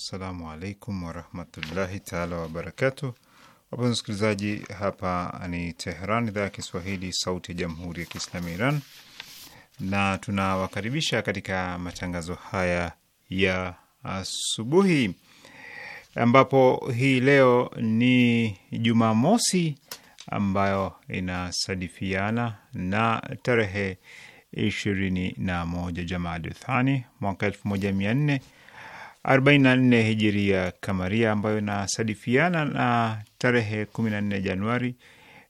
Assalamu alaikum warahmatullahi taala wabarakatuh. Wapenzi wasikilizaji, hapa ni Tehran, idhaa ya Kiswahili, sauti ya jamhuri ya kiislamu ya Iran, na tunawakaribisha katika matangazo haya ya asubuhi, ambapo hii leo ni Jumamosi ambayo inasadifiana na tarehe ishirini na moja Jamadi Thani mwaka elfu moja mia nne 44 hijiria kamaria ambayo inasadifiana na tarehe 14 Januari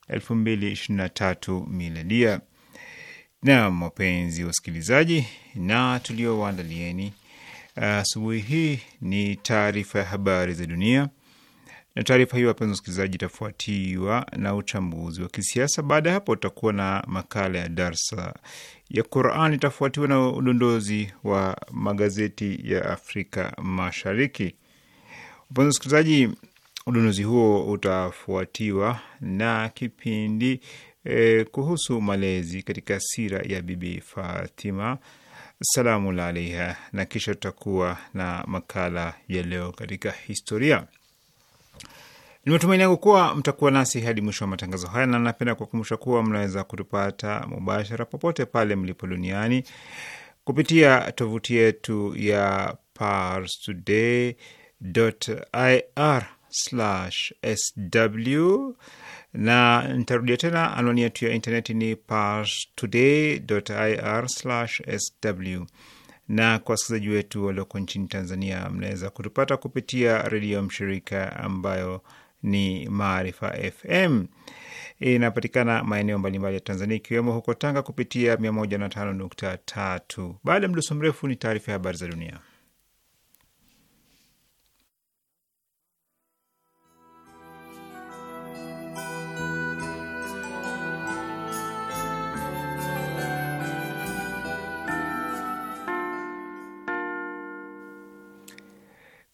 2023 miladia. Naam, wapenzi wasikilizaji, na tuliowaandalieni uh, asubuhi uh, hii ni taarifa ya habari za dunia na taarifa hiyo, wapenzi wasikilizaji, itafuatiwa na uchambuzi wa kisiasa. Baada ya hapo, utakuwa na makala ya darsa ya Quran, itafuatiwa na udondozi wa magazeti ya Afrika Mashariki. Wapenzi wasikilizaji, udondozi huo utafuatiwa na kipindi eh, kuhusu malezi katika sira ya Bibi Fatima salamu alaiha, na kisha tutakuwa na makala ya leo katika historia. Ni matumaini yangu kuwa mtakuwa nasi hadi mwisho wa matangazo haya, na napenda kuwakumbusha kuwa mnaweza kutupata mubashara popote pale mlipo duniani kupitia tovuti yetu ya parstoday.ir/sw na nitarudia tena, anwani yetu ya intaneti ni parstoday.ir/sw na kwa wasikilizaji wetu walioko nchini Tanzania, mnaweza kutupata kupitia redio mshirika ambayo ni Maarifa FM. Inapatikana maeneo mbalimbali ya Tanzania, ikiwemo huko Tanga kupitia 105.3. Baada ya mdoso mrefu, ni taarifa ya habari za dunia.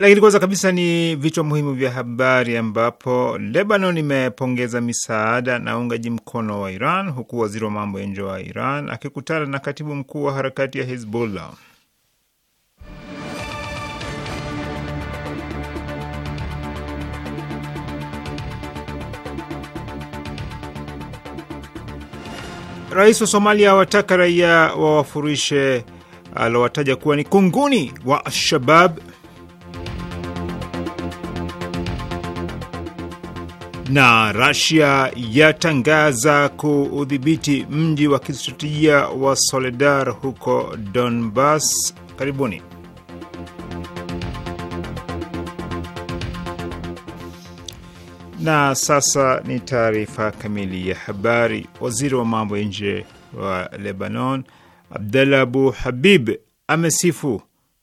Lakini kwanza kabisa ni vichwa muhimu vya habari, ambapo Lebanon imepongeza misaada na uungaji mkono wa Iran, huku waziri wa mambo ya nje wa Iran akikutana na katibu mkuu wa harakati ya Hezbollah. Rais wa Somalia awataka raia wawafurishe alowataja kuwa ni kunguni wa Alshabab na Rasia yatangaza kuudhibiti mji wa kistratejia wa Soledar huko Donbas. Karibuni. Na sasa ni taarifa kamili ya habari. Waziri wa mambo ya nje wa Lebanon Abdallah Abu Habib amesifu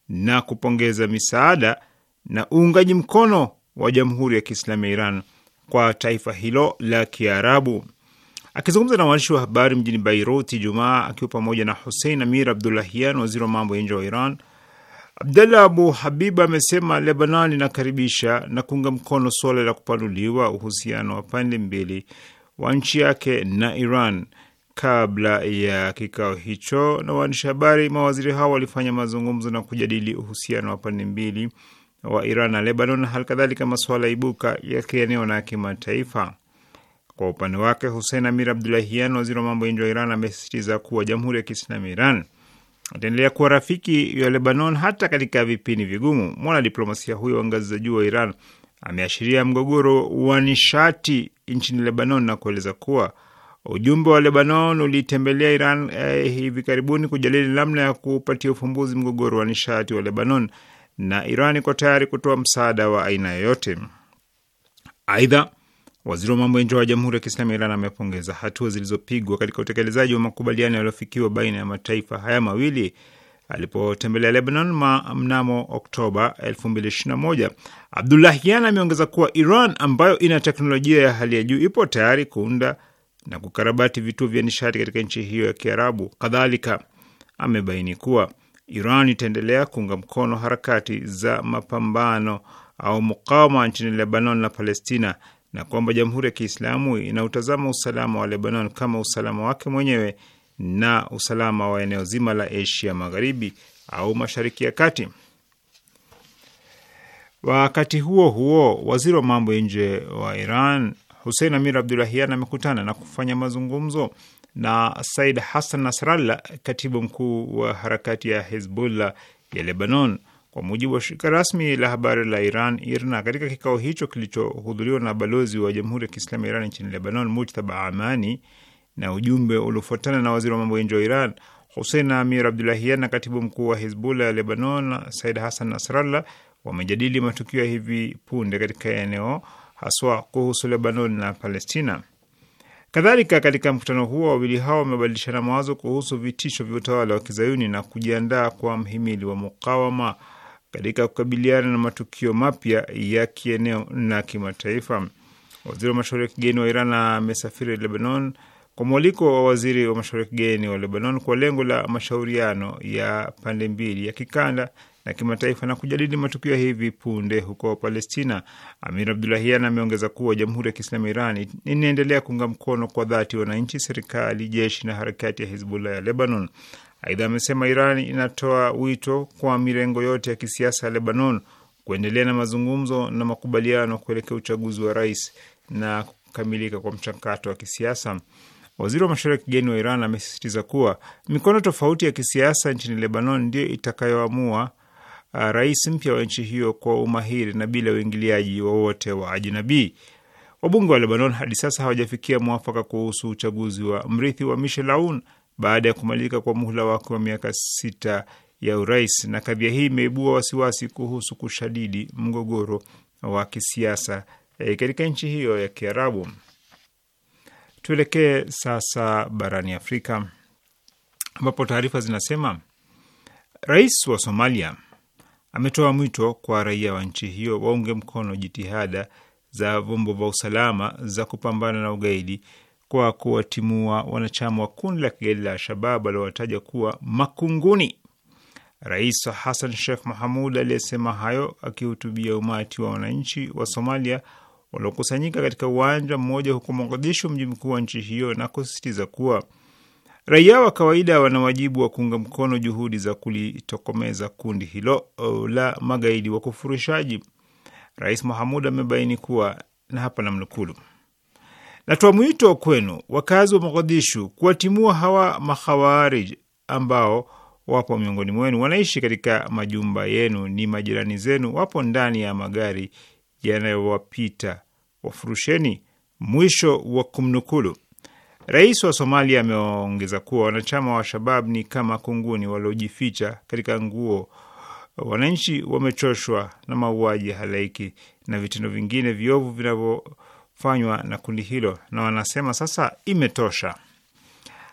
na kupongeza misaada na uungaji mkono wa Jamhuri ya Kiislamu ya Iran kwa taifa hilo la Kiarabu. Akizungumza na waandishi wa habari mjini Bairuti Ijumaa akiwa pamoja na Hussein Amir Abdulahian, waziri wa mambo ya nje wa Iran, Abdallah Abu Habib amesema Lebanon inakaribisha na kuunga mkono suala la kupanuliwa uhusiano wa pande mbili wa nchi yake na Iran. Kabla ya kikao hicho na waandishi habari, mawaziri hao walifanya mazungumzo na kujadili uhusiano wa pande mbili wa Iran na Lebanon, halikadhalika masuala ibuka ya kieneo na kimataifa. Kwa upande wake, Hussein Amir Abdulahian, waziri wa mambo ya nje wa Iran, amesisitiza kuwa Jamhuri ya Kiislamu Iran ataendelea kuwa rafiki ya Lebanon hata katika vipindi vigumu. Mwanadiplomasia huyo wa ngazi za juu wa Iran ameashiria mgogoro wa nishati nchini Lebanon na kueleza kuwa ujumbe wa Lebanon ulitembelea Iran eh, hivi karibuni kujadili namna ya kupatia ufumbuzi mgogoro wa nishati wa Lebanon na Iran iko tayari kutoa msaada wa aina yoyote. Aidha, waziri wa mambo ya nje wa Jamhuri ya Kiislamu ya Iran amepongeza hatua zilizopigwa katika utekelezaji wa makubaliano yaliyofikiwa baina ya mataifa haya mawili alipotembelea Lebanon mnamo Oktoba 2021. yan ameongeza kuwa Iran ambayo ina teknolojia ya hali ya juu ipo tayari kuunda na kukarabati vituo vya nishati katika nchi hiyo ya Kiarabu. Kadhalika amebaini kuwa Iran itaendelea kuunga mkono harakati za mapambano au mukawama nchini Lebanon na Palestina na kwamba Jamhuri ya Kiislamu inautazama usalama wa Lebanon kama usalama wake mwenyewe na usalama wa eneo zima la Asia Magharibi au Mashariki ya Kati. Wakati huo huo, waziri wa mambo ya nje wa Iran Hussein Amir Abdulahian amekutana na kufanya mazungumzo na Said Hassan Nasrallah, katibu mkuu wa harakati ya Hezbollah ya Lebanon, kwa mujibu wa shirika rasmi la habari la Iran IRNA. Katika kikao hicho kilichohudhuriwa na balozi wa Jamhuri ya Kiislamu ya Iran nchini Lebanon, Mujtaba Amani, na ujumbe uliofuatana na waziri wa mambo ya nje wa Iran Husein Amir Abdulahian na katibu mkuu wa Hizbullah ya Lebanon Said Hassan Nasrallah wamejadili matukio ya hivi punde katika eneo haswa kuhusu Lebanon na Palestina. Kadhalika, katika mkutano huo wawili hao wamebadilishana mawazo kuhusu vitisho vya utawala wa kizayuni na kujiandaa kwa mhimili wa mukawama katika kukabiliana na matukio mapya ya kieneo na kimataifa. Waziri wa mashauri ya kigeni wa Iran amesafiri Lebanon kwa mwaliko wa waziri wa mashauri ya kigeni wa Lebanon kwa lengo la mashauriano ya pande mbili ya kikanda na kimataifa na kujadili matukio ya hivi punde huko Palestina. Amir Abdulahian ameongeza kuwa Jamhuri ya Kiislamu Iran inaendelea kuunga mkono kwa dhati wananchi, serikali, jeshi na harakati ya Hizbullah ya Lebanon. Aidha amesema Iran inatoa wito kwa mirengo yote ya kisiasa ya Lebanon kuendelea na mazungumzo na makubaliano kuelekea uchaguzi wa rais na kukamilika kwa mchakato wa kisiasa. Waziri wa mashauri ya kigeni wa Iran amesisitiza kuwa mikono tofauti ya kisiasa nchini Lebanon ndiyo itakayoamua Uh, rais mpya wa nchi hiyo kwa umahiri na bila uingiliaji wowote wa ajinabii. Wabunge wa Lebanon hadi sasa hawajafikia mwafaka kuhusu uchaguzi wa mrithi wa Michel Aoun baada ya kumalika kwa muhula wake wa miaka sita ya urais, na kadhia hii imeibua wasiwasi kuhusu kushadidi mgogoro wa kisiasa e, katika nchi hiyo ya Kiarabu. Tuelekee sasa barani Afrika ambapo taarifa zinasema rais wa Somalia ametoa mwito kwa raia wa nchi hiyo waunge mkono jitihada za vyombo vya usalama za kupambana na ugaidi kwa kuwatimua wanachama wa kundi la kigaidi la Al-Shabab aliowataja kuwa makunguni. Rais Hassan Sheikh Mahamud aliyesema hayo akihutubia umati wa wananchi wa Somalia waliokusanyika katika uwanja mmoja huko Mogadishu, mji mkuu wa nchi hiyo, na kusisitiza kuwa Raia wa kawaida wana wajibu wa kuunga mkono juhudi za kulitokomeza kundi hilo uh, la magaidi wa kufurushaji. Rais Mahamud amebaini kuwa na hapa namnukulu, natoa mwito kwenu wakazi wa Mogadishu kuwatimua hawa makhawarij ambao wapo miongoni mwenu, wanaishi katika majumba yenu, ni majirani zenu, wapo ndani ya magari yanayowapita, wafurusheni. Mwisho wa kumnukulu. Rais wa Somalia ameongeza kuwa wanachama wa Shabab ni kama kunguni waliojificha katika nguo. Wananchi wamechoshwa na mauaji ya halaiki na vitendo vingine viovu vinavyofanywa na kundi hilo, na wanasema sasa imetosha.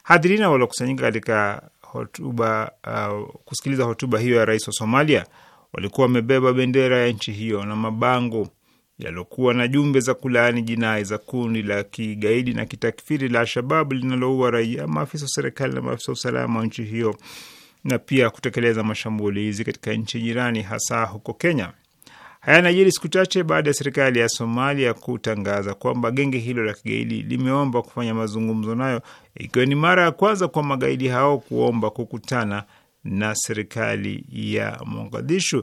Hadhirina waliokusanyika katika hotuba uh, kusikiliza hotuba hiyo ya rais wa Somalia walikuwa wamebeba bendera ya nchi hiyo na mabango yaliokuwa na jumbe za kulaani jinai za kundi la kigaidi na kitakfiri la Alshababu linaloua raia, maafisa wa serikali na maafisa wa usalama wa nchi hiyo, na pia kutekeleza mashambulizi katika nchi jirani, hasa huko Kenya. Haya yanajiri siku chache baada ya serikali ya Somalia kutangaza kwamba genge hilo la kigaidi limeomba kufanya mazungumzo nayo, ikiwa ni mara ya kwanza kwa magaidi hao kuomba kukutana na serikali ya Mogadishu.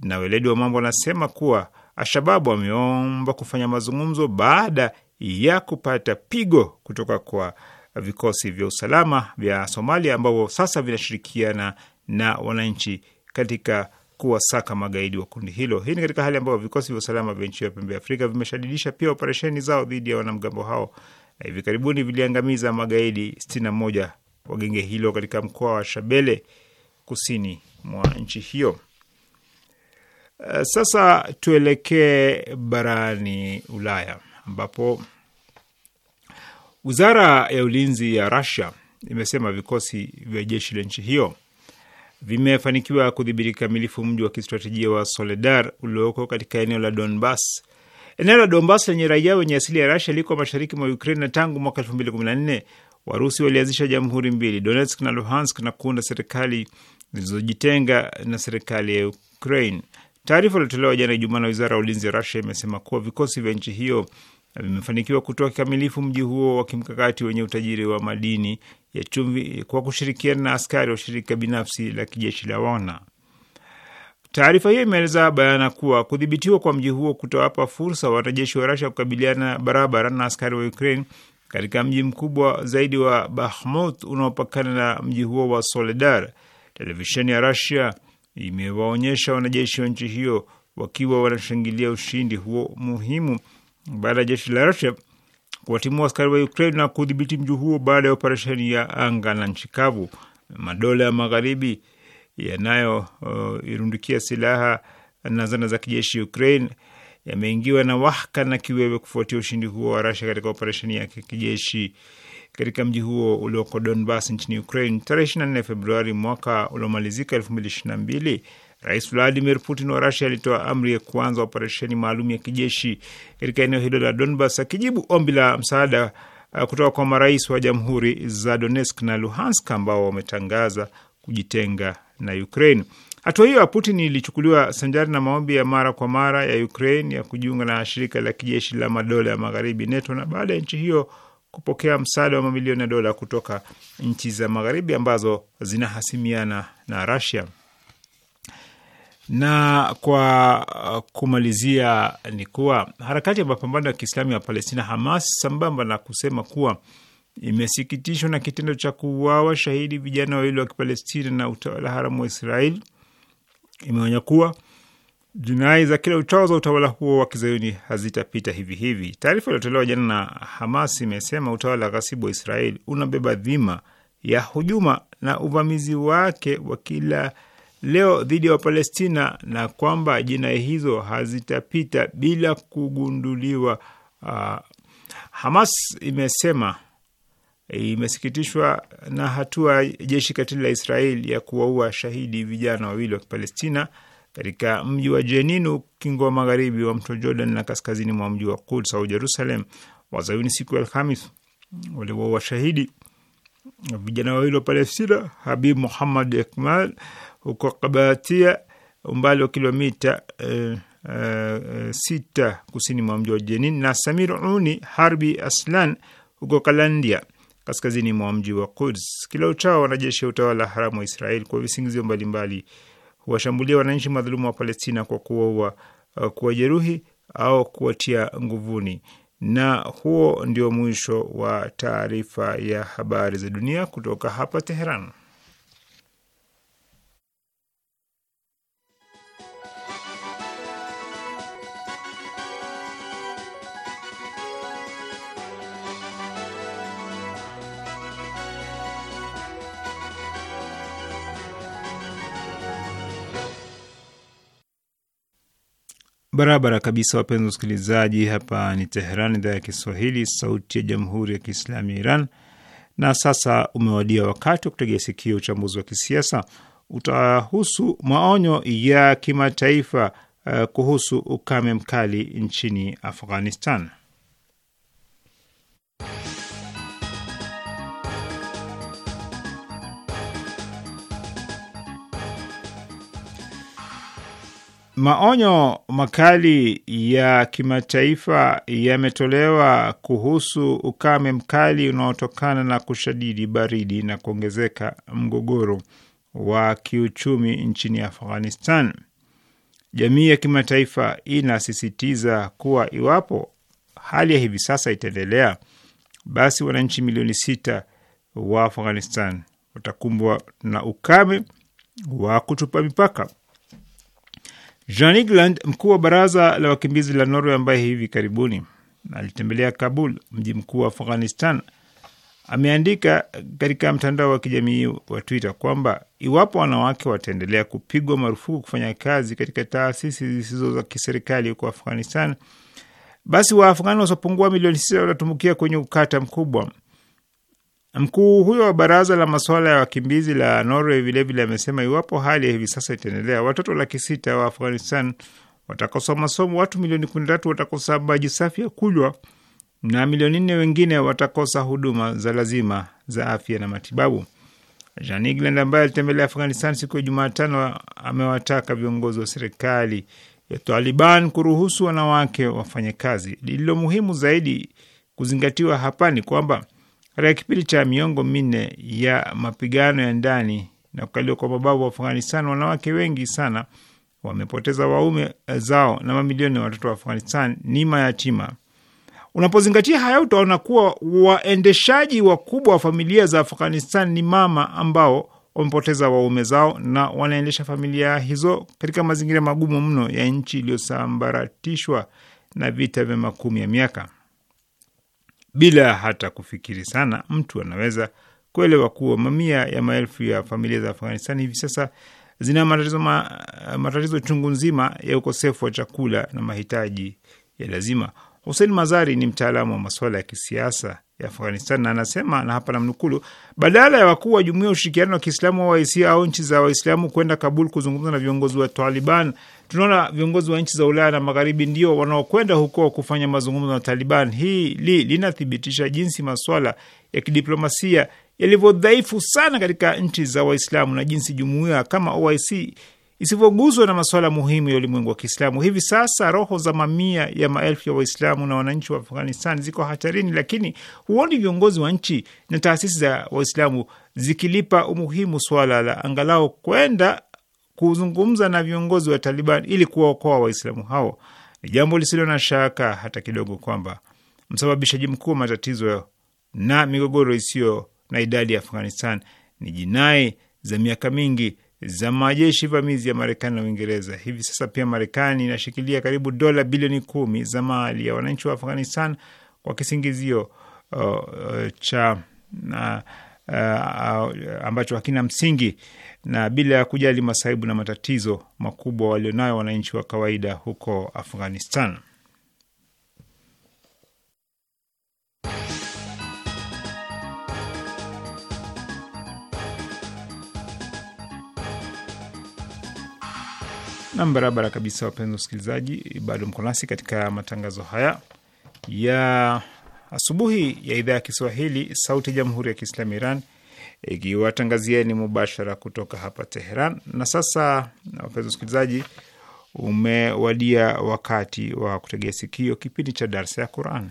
Na weledi wa mambo anasema kuwa Alshababu wameomba kufanya mazungumzo baada ya kupata pigo kutoka kwa vikosi vya usalama vya Somalia ambavyo sasa vinashirikiana na wananchi katika kuwasaka magaidi wa kundi hilo. Hii ni katika hali ambayo vikosi vya usalama vya nchi ya pembe ya Afrika vimeshadidisha pia operesheni zao dhidi ya wanamgambo hao na hivi karibuni viliangamiza magaidi 61 wa genge hilo katika mkoa wa Shabele kusini mwa nchi hiyo. Eh, sasa tuelekee barani Ulaya ambapo wizara ya ulinzi ya Russia imesema vikosi vya jeshi la nchi hiyo vimefanikiwa kudhibiti kamilifu mji wa kistratejia wa Soledar ulioko katika eneo la Donbas. Eneo la Donbas lenye raia wenye asili ya Rasia liko mashariki mwa Ukraine, na tangu mwaka elfu mbili kumi na nne Warusi walianzisha jamhuri mbili, Donetsk na Luhansk, na kuunda serikali zilizojitenga na serikali ya Ukraine. Taarifa iliyotolewa jana Ijumaa na wizara ya ulinzi ya Rusia imesema kuwa vikosi vya nchi hiyo vimefanikiwa kutoa kikamilifu mji huo wa kimkakati wenye utajiri wa madini ya chumvi kwa kushirikiana na askari wa shirika binafsi la kijeshi la wana Taarifa hiyo imeeleza bayana kuwa kudhibitiwa kwa mji huo kutawapa fursa wanajeshi wa Rusia kukabiliana barabara na askari wa Ukraine katika mji mkubwa zaidi wa Bahmut unaopakana na mji huo wa Soledar. Televisheni ya Rusia imewaonyesha wanajeshi wa nchi hiyo wakiwa wanashangilia ushindi huo muhimu baada ya jeshi la Rusia kuwatimua askari wa Ukraine na kudhibiti mji huo baada ya operesheni ya anga na nchi kavu. Madola ya magharibi yanayoirundikia uh, silaha na zana za kijeshi Ukraine yameingiwa na wahaka na kiwewe kufuatia ushindi huo wa Rusia katika operesheni yake kijeshi katika mji huo ulioko Donbas nchini Ukraine. Tarehe 24 Februari mwaka uliomalizika 2022, Rais Vladimir Putin wa Rusia alitoa amri ya kuanza operesheni maalum ya kijeshi katika eneo hilo la Donbas, akijibu ombi la msaada uh, kutoka kwa marais wa jamhuri za Donetsk na Luhansk ambao wametangaza kujitenga na Ukraine. Hatua hiyo ya Putin ilichukuliwa sanjari na maombi ya mara kwa mara ya Ukraine ya kujiunga na shirika la kijeshi la madola ya magharibi NATO, na baada ya nchi hiyo kupokea msaada wa mamilioni ya dola kutoka nchi za magharibi ambazo zinahasimiana na Russia. Na kwa uh, kumalizia ni kuwa harakati ya mapambano ya Kiislamu ya Palestina Hamas, sambamba na kusema kuwa imesikitishwa na kitendo cha kuuawa shahidi vijana wawili wa Kipalestina na utawala haramu wa Israeli, imeonya kuwa Jinai za kila uchao za utawala huo wa kizayuni hazitapita hivi hivi. Taarifa iliyotolewa jana na Hamas imesema utawala ghasibu wa israel unabeba dhima ya hujuma na uvamizi wake wa kila leo dhidi ya wa Wapalestina na kwamba jinai hizo hazitapita bila kugunduliwa. Uh, Hamas imesema imesikitishwa na hatua ya jeshi katili la israel ya kuwaua shahidi vijana wawili wa Kipalestina katika mji wa Jenin ukingo wa magharibi wa mto Jordan na kaskazini mwa mji wa Quds au Jerusalem. Wazayuni siku ya Alhamis waliwaua washahidi vijana wawili wa Palestina, Habib Muhammad Ekmal huko Kabatia, umbali wa kilomita eh, eh, sita kusini mwa mji wa Jenin, na Samir Uni Harbi Aslan huko Kalandia, kaskazini mwa mji wa Quds. Kila uchao wanajeshi wa utawala haramu wa Israel kwa visingizio mbalimbali kuwashambulia wananchi madhulumu wa Palestina kwa kuwaua, uh, kuwajeruhi au kuwatia nguvuni. Na huo ndio mwisho wa taarifa ya habari za dunia kutoka hapa Teheran. Barabara kabisa, wapenzi wasikilizaji, hapa ni Teheran, idhaa ya Kiswahili, sauti ya jamhuri ya kiislamu ya Iran. Na sasa umewadia wakati wa kutegea sikio. Uchambuzi wa kisiasa utahusu maonyo ya kimataifa uh, kuhusu ukame mkali nchini Afghanistan. Maonyo makali ya kimataifa yametolewa kuhusu ukame mkali unaotokana na kushadidi baridi na kuongezeka mgogoro wa kiuchumi nchini Afghanistan. Jamii ya kimataifa inasisitiza kuwa iwapo hali ya hivi sasa itaendelea, basi wananchi milioni sita wa Afghanistan watakumbwa na ukame wa kutupa mipaka. Jan Egeland, mkuu wa baraza la wakimbizi la Norway, ambaye hivi karibuni alitembelea Kabul, mji mkuu wa Afghanistan, ameandika katika mtandao wa kijamii wa Twitter kwamba iwapo wanawake wataendelea kupigwa marufuku kufanya kazi katika taasisi zisizo za kiserikali huko Afghanistan, basi Waafghani wasiopungua milioni sita watatumbukia kwenye ukata mkubwa. Mkuu huyo wa baraza la masuala ya wakimbizi la Norway vilevile amesema iwapo hali ya hivi sasa itaendelea, watoto laki sita wa Afghanistan watakosa masomo, watu milioni kumi na tatu watakosa maji safi ya kunywa na milioni nne wengine watakosa huduma za lazima za afya na matibabu. Jean England ambaye alitembelea Afghanistan siku ya Jumatano amewataka viongozi wa serikali ya Taliban kuruhusu wanawake wafanye kazi. Lililo muhimu zaidi kuzingatiwa hapa ni kwamba katika kipindi cha miongo minne ya mapigano ya ndani na kukaliwa kwa mababu wa Afghanistan, wanawake wengi sana wamepoteza waume zao na mamilioni ya watoto wa Afghanistan ni mayatima. Unapozingatia haya, utaona kuwa waendeshaji wakubwa wa familia za Afghanistan ni mama ambao wamepoteza waume zao na wanaendesha familia hizo katika mazingira magumu mno ya nchi iliyosambaratishwa na vita vya makumi ya miaka. Bila hata kufikiri sana, mtu anaweza kuelewa kuwa mamia ya maelfu ya familia za Afghanistan hivi sasa zina matatizo, ma, matatizo chungu nzima ya ukosefu wa chakula na mahitaji ya lazima. Hussein Mazari ni mtaalamu wa masuala ya kisiasa ya Afghanistan na anasema, na hapa namnukulu, badala ya wakuu wa jumuiya ya ushirikiano wa Kiislamu wa oic au nchi za Waislamu kwenda Kabul kuzungumza na viongozi wa Taliban, tunaona viongozi wa nchi za Ulaya na magharibi ndio wanaokwenda huko kufanya mazungumzo na Taliban. hii li linathibitisha jinsi maswala ya kidiplomasia yalivyodhaifu sana katika nchi za Waislamu na jinsi jumuiya kama OIC isivyoguzwa na masuala muhimu ya ulimwengu wa Kiislamu. Hivi sasa roho za mamia ya maelfu ya Waislamu na wananchi wa Afghanistan ziko hatarini, lakini huoni viongozi wa nchi na taasisi za Waislamu zikilipa umuhimu swala la angalau kwenda kuzungumza na viongozi wa Taliban ili kuwaokoa Waislamu hao. Ni jambo lisilo na shaka hata kidogo kwamba msababishaji mkuu wa matatizo na migogoro isiyo na idadi ya Afghanistan ni jinai za miaka mingi za majeshi vamizi ya Marekani na Uingereza. Hivi sasa pia Marekani inashikilia karibu dola bilioni kumi za mali ya wananchi wa Afghanistan kwa kisingizio uh, uh, cha uh, uh, ambacho hakina msingi na bila ya kujali masaibu na matatizo makubwa walionayo wananchi wa kawaida huko Afghanistan. Nam, barabara kabisa, wapenzi wasikilizaji, bado mko nasi katika matangazo haya ya asubuhi ya idhaa ya Kiswahili sauti ya jamhuri ya Kiislamu Iran ikiwatangazieni mubashara kutoka hapa Teheran. Na sasa, wapenzi wasikilizaji, umewadia wakati wa kutegea sikio kipindi cha darsa ya Quran.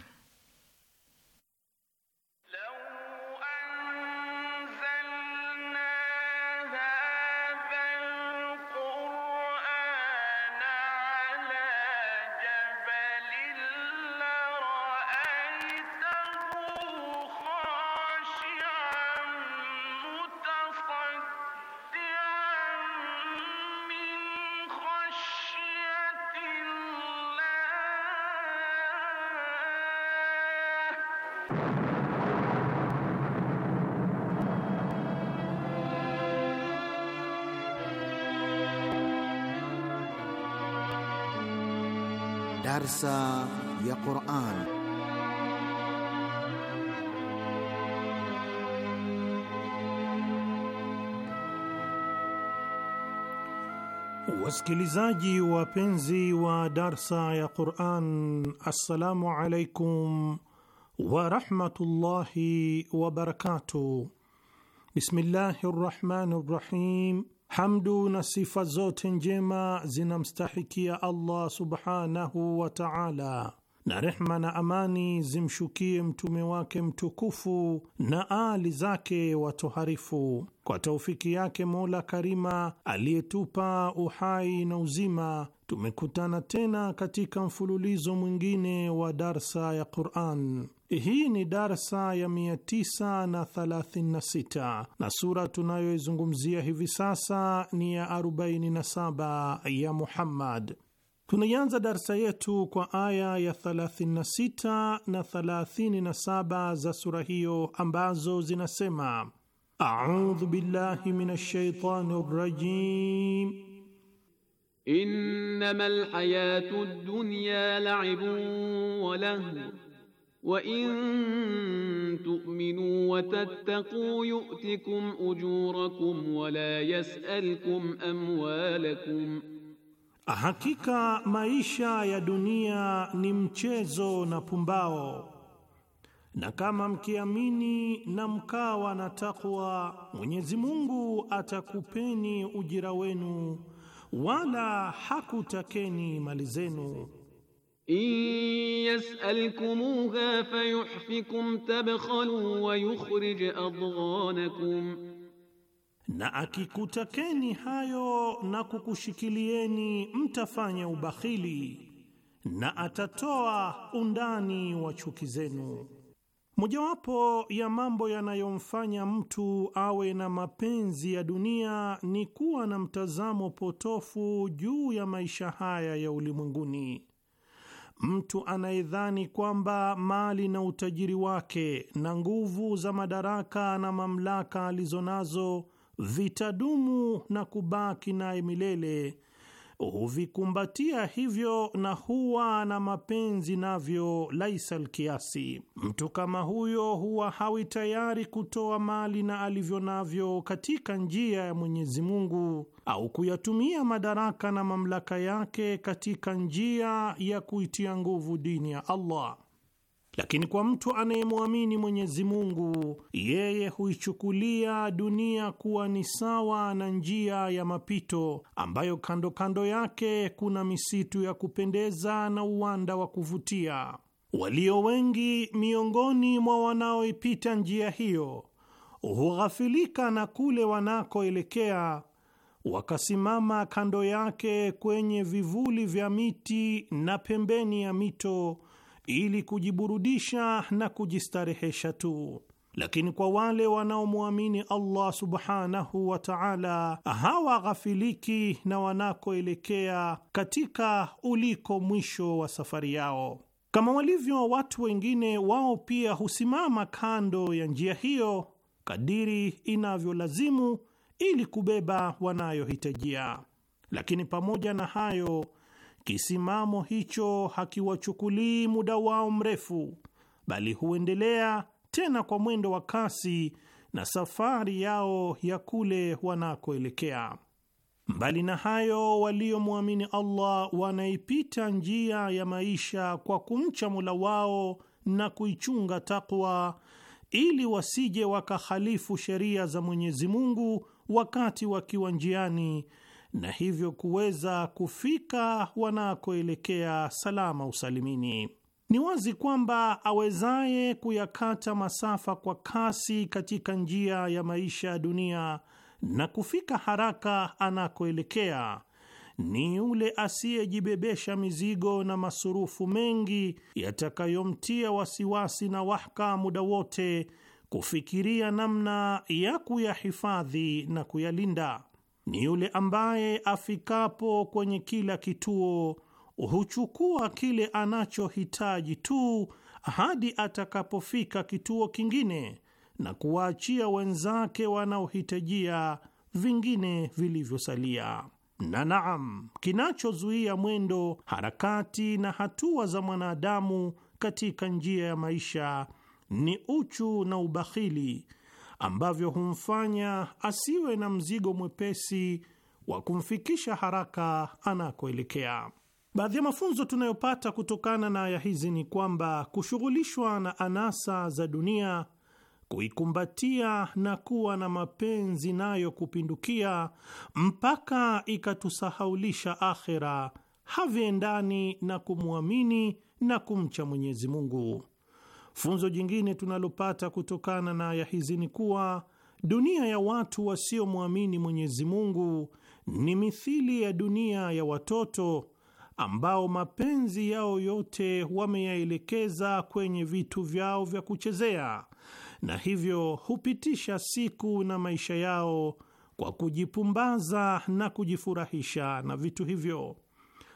Wasikilizaji wapenzi wa darsa ya Quran, assalamu alaikum warahmatullahi wabarakatuh. Bismillahi rrahmani rrahim. Hamdu na sifa zote njema zinamstahikia Allah subhanahu wa taala na rehma na amani zimshukie mtume wake mtukufu na aali zake watoharifu. Kwa taufiki yake Mola Karima aliyetupa uhai na uzima, tumekutana tena katika mfululizo mwingine wa darsa ya Quran. Hii ni darsa ya 936 na sura tunayoizungumzia hivi sasa ni ya 47 ya Muhammad. Tunaianza darsa yetu kwa aya ya 36 na 37 za sura hiyo ambazo zinasema: audhu billahi minash shaitani rajim, innamal hayatud dunya la'ibun wa lahu wa in tu'minu wa tattaqu yu'tikum ujurakum wa la yas'alkum amwalakum Hakika maisha ya dunia ni mchezo na pumbao, na kama mkiamini na mkawa na takwa, Mwenyezi Mungu atakupeni ujira wenu, wala hakutakeni mali zenu. In yasalkumuha fayuhfikum tabkhalu wa yukhrij adghanakum na akikutakeni hayo na kukushikilieni, mtafanya ubakhili na atatoa undani wa chuki zenu. Mojawapo ya mambo yanayomfanya mtu awe na mapenzi ya dunia ni kuwa na mtazamo potofu juu ya maisha haya ya ulimwenguni. Mtu anayedhani kwamba mali na utajiri wake na nguvu za madaraka na mamlaka alizo nazo vitadumu na kubaki naye milele, huvikumbatia hivyo na huwa na mapenzi navyo laisa lkiasi. Mtu kama huyo huwa hawi tayari kutoa mali na alivyo navyo katika njia ya Mwenyezi Mungu au kuyatumia madaraka na mamlaka yake katika njia ya kuitia nguvu dini ya Allah. Lakini kwa mtu anayemwamini Mwenyezi Mungu, yeye huichukulia dunia kuwa ni sawa na njia ya mapito ambayo kando kando yake kuna misitu ya kupendeza na uwanda wa kuvutia. Walio wengi miongoni mwa wanaoipita njia hiyo hughafilika na kule wanakoelekea, wakasimama kando yake kwenye vivuli vya miti na pembeni ya mito ili kujiburudisha na kujistarehesha tu, lakini kwa wale wanaomwamini Allah subhanahu wa ta'ala, hawaghafiliki na wanakoelekea katika uliko mwisho wa safari yao. Kama walivyo watu wengine, wao pia husimama kando ya njia hiyo kadiri inavyolazimu ili kubeba wanayohitajia. Lakini pamoja na hayo Kisimamo hicho hakiwachukulii muda wao mrefu, bali huendelea tena kwa mwendo wa kasi na safari yao ya kule wanakoelekea. Mbali na hayo, waliomwamini Allah wanaipita njia ya maisha kwa kumcha Mola wao na kuichunga takwa, ili wasije wakahalifu sheria za Mwenyezi Mungu wakati wakiwa njiani na hivyo kuweza kufika wanakoelekea salama usalimini. Ni wazi kwamba awezaye kuyakata masafa kwa kasi katika njia ya maisha ya dunia na kufika haraka anakoelekea ni yule asiyejibebesha mizigo na masurufu mengi yatakayomtia wasiwasi na wahaka muda wote kufikiria namna ya kuyahifadhi na kuyalinda ni yule ambaye afikapo kwenye kila kituo huchukua kile anachohitaji tu hadi atakapofika kituo kingine na kuwaachia wenzake wanaohitajia vingine vilivyosalia. Na naam, kinachozuia mwendo, harakati na hatua za mwanadamu katika njia ya maisha ni uchu na ubakhili ambavyo humfanya asiwe na mzigo mwepesi wa kumfikisha haraka anakoelekea. Baadhi ya mafunzo tunayopata kutokana na aya hizi ni kwamba kushughulishwa na anasa za dunia, kuikumbatia na kuwa na mapenzi nayo kupindukia mpaka ikatusahaulisha akhera, haviendani na kumwamini na kumcha Mwenyezi Mungu. Funzo jingine tunalopata kutokana na aya hizi ni kuwa dunia ya watu wasiomwamini Mwenyezi Mungu ni mithili ya dunia ya watoto ambao mapenzi yao yote wameyaelekeza kwenye vitu vyao vya kuchezea, na hivyo hupitisha siku na maisha yao kwa kujipumbaza na kujifurahisha na vitu hivyo.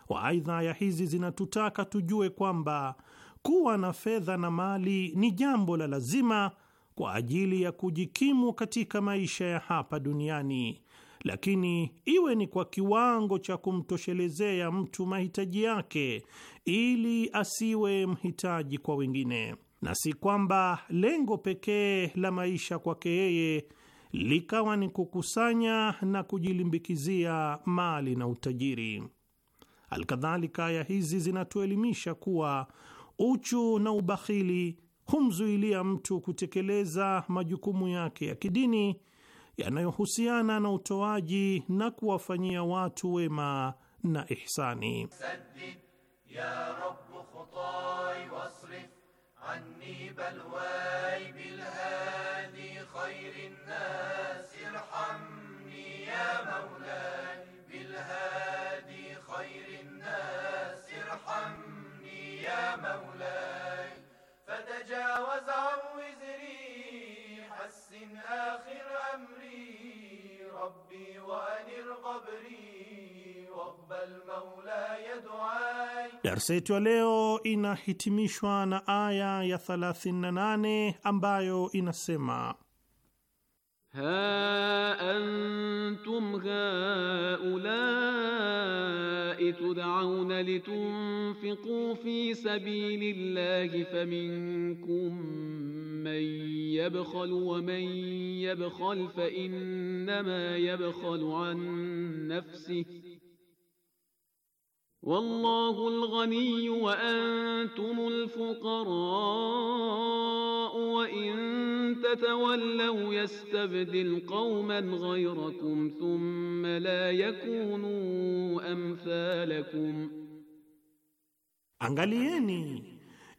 Waaidha, aya hizi zinatutaka tujue kwamba kuwa na fedha na mali ni jambo la lazima kwa ajili ya kujikimu katika maisha ya hapa duniani, lakini iwe ni kwa kiwango cha kumtoshelezea mtu mahitaji yake ili asiwe mhitaji kwa wengine, na si kwamba lengo pekee la maisha kwake yeye likawa ni kukusanya na kujilimbikizia mali na utajiri. Alkadhalika, aya hizi zinatuelimisha kuwa uchu na ubakhili humzuilia mtu kutekeleza majukumu yake ya kidini yanayohusiana na utoaji na kuwafanyia watu wema na ihsani. Saddi, ya مولاي فتجاوز عن وزري حسن آخر أمري ربي وأنر قبري واقبل مولاي دعاي Darsa yetu ya leo inahitimishwa na aya ya 38 ambayo inasema ها انتم هؤلاء تدعون لتنفقوا في سبيل الله فمنكم من يبخل ومن يبخل فانما يبخل عن نفسه Wallahu alghani wa antum alfuqara wa in tatawallaw yastabdil qauman ghayrakum thumma la yakunu amthalakum, angalieni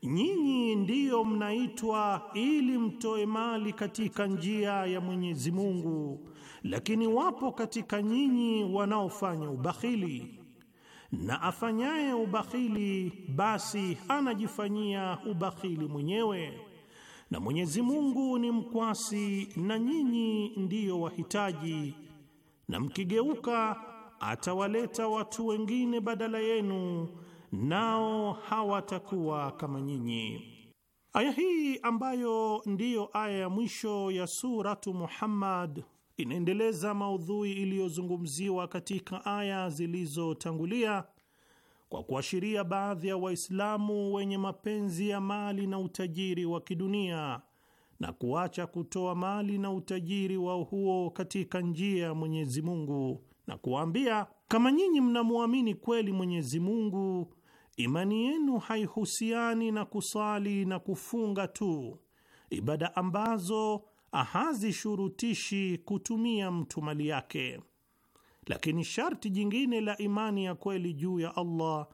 nyinyi ndiyo mnaitwa ili mtoe mali katika njia ya Mwenyezi Mungu, lakini wapo katika nyinyi wanaofanya ubakhili na afanyaye ubakhili basi anajifanyia ubakhili mwenyewe, na Mwenyezi Mungu ni mkwasi, na nyinyi ndiyo wahitaji, na mkigeuka atawaleta watu wengine badala yenu, nao hawatakuwa kama nyinyi. Aya hii ambayo ndiyo aya ya mwisho ya Suratu Muhammad inaendeleza maudhui iliyozungumziwa katika aya zilizotangulia kwa kuashiria baadhi ya Waislamu wenye mapenzi ya mali na utajiri wa kidunia na kuacha kutoa mali na utajiri wao huo katika njia ya Mwenyezi Mungu na kuwaambia, kama nyinyi mnamwamini kweli Mwenyezi Mungu, imani yenu haihusiani na kusali na kufunga tu, ibada ambazo hazishurutishi kutumia mtu mali yake. Lakini sharti jingine la imani ya kweli juu ya Allah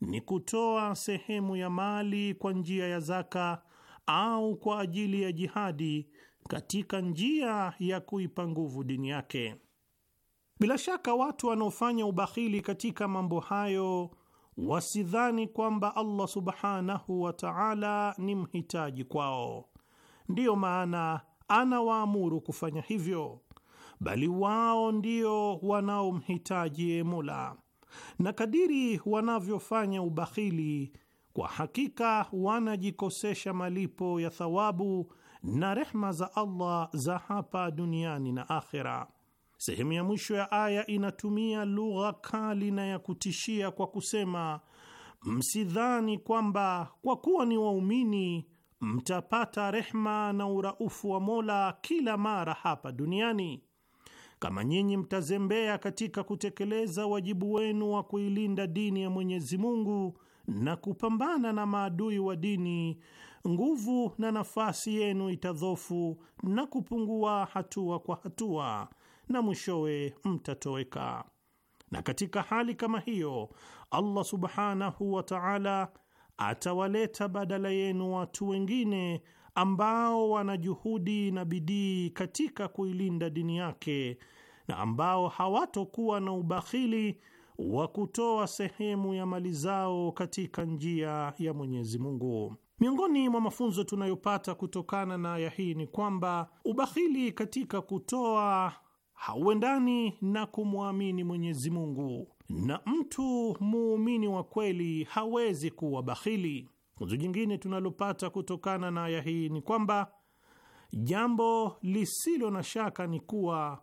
ni kutoa sehemu ya mali kwa njia ya zaka au kwa ajili ya jihadi katika njia ya kuipa nguvu dini yake. Bila shaka watu wanaofanya ubakhili katika mambo hayo wasidhani kwamba Allah subhanahu wa ta'ala ni mhitaji kwao. Ndiyo maana anawaamuru kufanya hivyo, bali wao ndio wanaomhitaji Mola, na kadiri wanavyofanya ubakhili, kwa hakika wanajikosesha malipo ya thawabu na rehma za Allah za hapa duniani na akhera. Sehemu ya mwisho ya aya inatumia lugha kali na ya kutishia kwa kusema, msidhani kwamba kwa kuwa ni waumini mtapata rehma na uraufu wa Mola kila mara hapa duniani, kama nyinyi mtazembea katika kutekeleza wajibu wenu wa kuilinda dini ya Mwenyezi Mungu na kupambana na maadui wa dini, nguvu na nafasi yenu itadhofu na kupungua hatua kwa hatua, na mwishowe mtatoweka. Na katika hali kama hiyo, Allah subhanahu wa ta'ala atawaleta badala yenu watu wengine ambao wana juhudi na bidii katika kuilinda dini yake na ambao hawatokuwa na ubakhili wa kutoa sehemu ya mali zao katika njia ya Mwenyezi Mungu. Miongoni mwa mafunzo tunayopata kutokana na aya hii ni kwamba ubakhili katika kutoa hauendani na kumwamini Mwenyezi Mungu na mtu muumini wa kweli hawezi kuwa bakhili. Funzo jingine tunalopata kutokana na aya hii ni kwamba jambo lisilo na shaka ni kuwa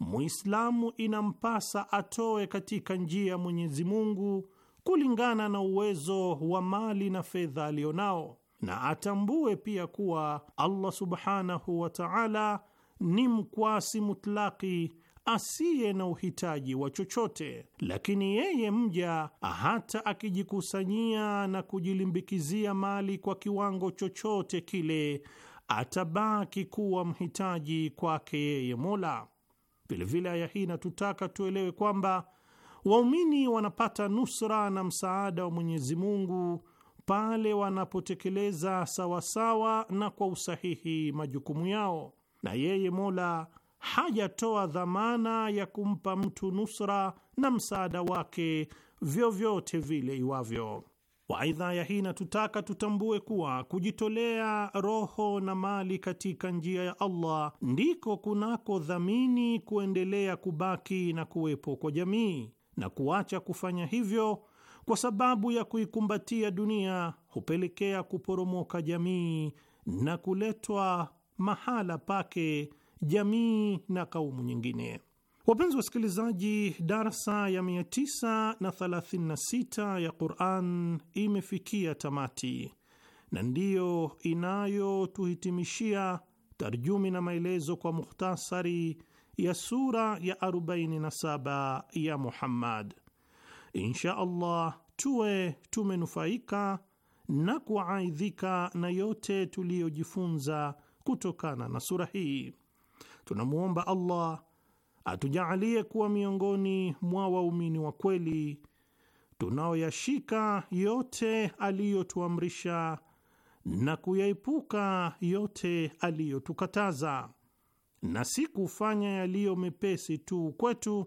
Muislamu inampasa atoe katika njia ya Mwenyezi Mungu kulingana na uwezo wa mali na fedha alionao, na atambue pia kuwa Allah subhanahu wa taala ni mkwasi mutlaki asiye na uhitaji wa chochote, lakini yeye mja hata akijikusanyia na kujilimbikizia mali kwa kiwango chochote kile, atabaki kuwa mhitaji kwake yeye Mola. Vilevile aya hii inatutaka tuelewe kwamba waumini wanapata nusra na msaada wa Mwenyezi Mungu pale wanapotekeleza sawasawa na kwa usahihi majukumu yao, na yeye Mola hajatoa dhamana ya kumpa mtu nusra na msaada wake vyovyote vile iwavyo. Waidha ya hii inatutaka tutambue kuwa kujitolea roho na mali katika njia ya Allah ndiko kunako dhamini kuendelea kubaki na kuwepo kwa jamii, na kuacha kufanya hivyo kwa sababu ya kuikumbatia dunia hupelekea kuporomoka jamii na kuletwa mahala pake jamii na kaumu nyingine. Wapenzi wasikilizaji, darsa ya 936 ya Quran imefikia tamati na ndiyo inayotuhitimishia tarjumi na maelezo kwa mukhtasari ya sura ya 47 ya Muhammad. Insha Allah tuwe tumenufaika na kuaidhika na yote tuliyojifunza kutokana na sura hii tunamwomba Allah atujaalie kuwa miongoni mwa waumini wa kweli tunaoyashika yote aliyotuamrisha na kuyaepuka yote aliyotukataza, na si kufanya yaliyo mepesi tu kwetu